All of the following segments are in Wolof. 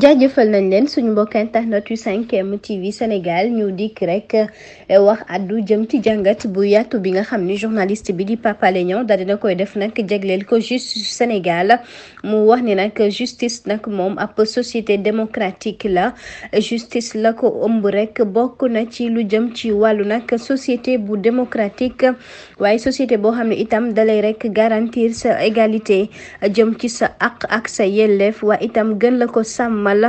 jaajëfal nañ leen suñu mbokk internet yu 5M TV Sénégal ñu dikk rek eh, wax addu jëm ci jàngat bu yaatu bi nga xam ni journaliste bi di Pape Alé Niang daal koy def nag jagleel ko justice Sénégal mu wax ni nag justice nag moom ab société démocratique la justice la ko ëmb rek bokk na ci lu jëm ci wàllu nag société bu démocratique waaye société boo xam ne itam dalay rek garantir sa égalité jëm ci sa àq ak sa yelleef waaye itam gën la ko sàmm amal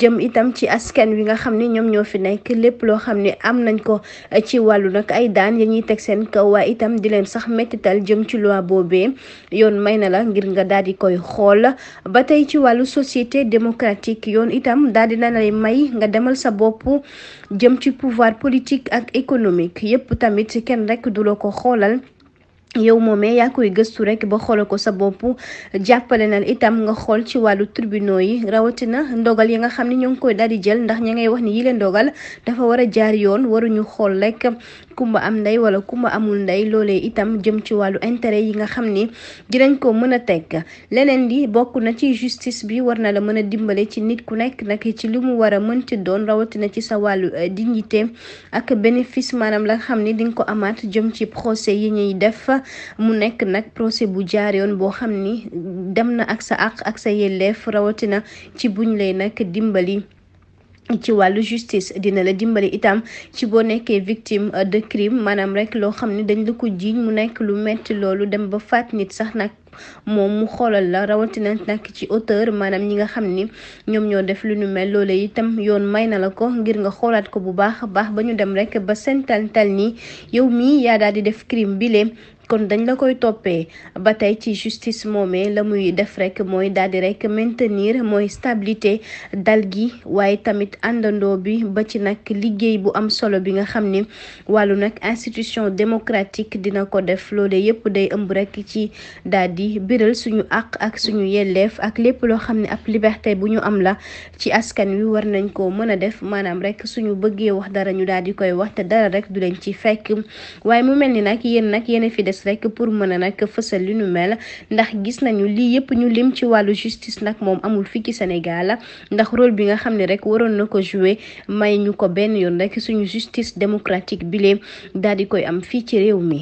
jëm itam ci askan wi nga xam ne ñoom ñoo fi nekk lépp loo xam ne am nañ ko ci wàllu nag ay daan ya ñuy teg seen kawaay itam di leen sax mettital jëm ci loi boobee yoon may na la ngir nga daal di koy xool ba tey ci wàllu société démocratique yoon itam daal di na lay may nga demal sa bopp jëm ci pouvoir politique ak économique yépp tamit kenn rekk du la ko xoolal yow moomee yaa koy gëstu rek ba xoolal ko sa bopp jàppale na itam nga xool ci wàllu tribunaux yi rawatina ndogal yi nga xam ne ñoo ngi koy daal jël ndax ña ngay wax ni yi leen ndogal dafa a jaar yoon waruñu xool rek kumba am ndey wala kumba amul ndey loolee itam jëm ci wàllu intérêt yi nga xam ni dinañ ko mën a teg leneen li bokk na ci justice bi war na la mën a dimbale ci nit ku nekk nag ci li mu war a mënti doon rawatina ci sa wàllu eh, dignité ak bénéfice maanaam la xam ni di nga ko amaat jëm ci procès yi ñuy def mu nekk nag procès bu jaar yoon boo xam ni dem na ak sa àq ak sa yelleef rawatina ci buñ lay nag dimbali ci wàllu justice dina la dimbali itam ci boo nekkee victime de crime maanaam rek loo xam ne dañ la ko jiiñ mu nekk lu metti loolu dem ba faat nit sax nag moom mu xoolal la rawatina nag ci auteur maanaam ñi nga xam ni ñoom ñoo def lu nu mel loole itam yoon may na la ko ngir nga xoolaat ko bu baax a baax ba ñu dem rekk ba sentantal ni yow mii yaa daal def crime bile kon dañ la koy toppee ba tey ci justice moomee la muy def rek mooy daal di rek maintenir mooy stabilité dal gi waaye tamit àndandoo bi ba ci nag liggéey bu am solo bi nga xam ni wàllu nag institution démocratique dina ko def loolee yëpp day ëmb rek ci daal di biral suñu àq ak suñu yelleef ak lépp loo xam ne ab liberté bu ñu am la ci askan wi war nañ ko mën a def maanaam rek suñu bëggee wax dara ñu daal di koy wax te dara rek du leen ci fekk waaye mel ni nag yéen nag yéen fi des bés rek pour mën a nag fësal li nu mel ndax gis nañu lii yëpp ñu lim ci wàllu justice nag moom amul fii ci Sénégal ndax rôle bi nga xam ne rek waroon na ko joué may ñu ko benn yoon rek suñu justice démocratique bile daal di koy am fii ci réew mi.